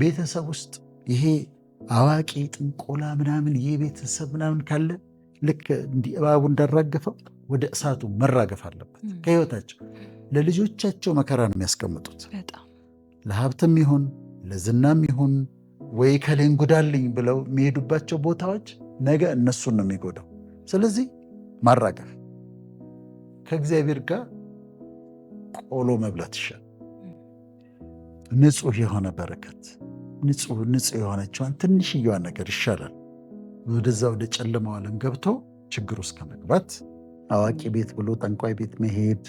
ቤተሰብ ውስጥ ይሄ አዋቂ ጥንቆላ ምናምን ይህ ቤተሰብ ምናምን ካለ ልክ እንዲህ እባቡ እንዳራገፈው ወደ እሳቱ መራገፍ አለበት። ከህይወታቸው ለልጆቻቸው መከራ ነው የሚያስቀምጡት። ለሀብትም ይሁን ለዝናም ይሁን ወይ ከሌን እንጉዳልኝ ብለው የሚሄዱባቸው ቦታዎች ነገ እነሱን ነው የሚጎዳው። ስለዚህ ማራገፍ ከእግዚአብሔር ጋር ቆሎ መብላት ይሻል። ንጹህ የሆነ በረከት ንጹህ ንጹህ የሆነችዋን ትንሽየዋን ነገር ይሻላል ወደዛ ወደ ጨለማው ዓለም ገብቶ ችግር ውስጥ ከመግባት አዋቂ ቤት ብሎ ጠንቋይ ቤት መሄድ፣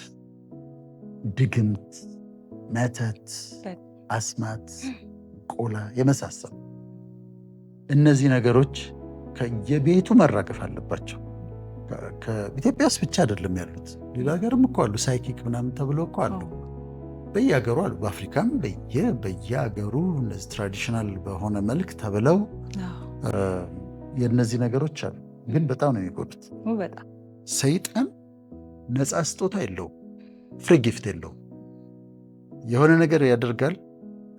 ድግምት፣ መተት፣ አስማት፣ ቆላ የመሳሰሉ እነዚህ ነገሮች ከየቤቱ መራቀፍ አለባቸው። ኢትዮጵያ ውስጥ ብቻ አይደለም ያሉት፣ ሌላ ሀገርም እኮ አሉ። ሳይኪክ ምናምን ተብሎ እኮ አሉ። በየሀገሩ አሉ። በአፍሪካም በየ በየሀገሩ እነዚህ ትራዲሽናል በሆነ መልክ ተብለው የእነዚህ ነገሮች አሉ። ግን በጣም ነው የሚጎዱት። ሰይጣን ነፃ ስጦታ የለውም፣ ፍሪ ጊፍት የለውም። የሆነ ነገር ያደርጋል።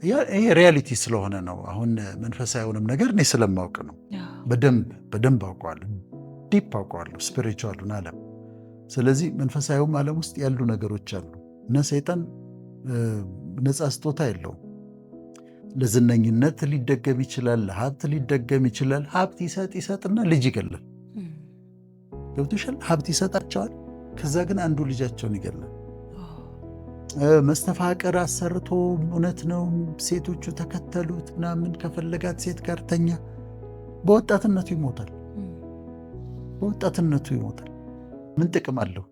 ይሄ ሪያሊቲ ስለሆነ ነው። አሁን መንፈሳዊ የሆነም ነገር እኔ ስለማውቅ ነው። በደንብ በደንብ አውቀዋለሁ፣ ዲፕ አውቀዋለሁ ስፒሪቹዋሉን ዓለም። ስለዚህ መንፈሳዊም ዓለም ውስጥ ያሉ ነገሮች አሉ እና ሰይጣን ነፃ ስጦታ የለውም። ለዝነኝነት ሊደገም ይችላል፣ ለሀብት ሊደገም ይችላል። ሀብት ይሰጥ ይሰጥና ልጅ ይገላል። ገብቶሻል? ሀብት ይሰጣቸዋል፣ ከዛ ግን አንዱ ልጃቸውን ይገላል። መስተፋቀር አሰርቶ እውነት ነው ሴቶቹ ተከተሉት ምናምን፣ ከፈለጋት ሴት ጋር ተኛ። በወጣትነቱ ይሞታል፣ በወጣትነቱ ይሞታል። ምን ጥቅም አለው?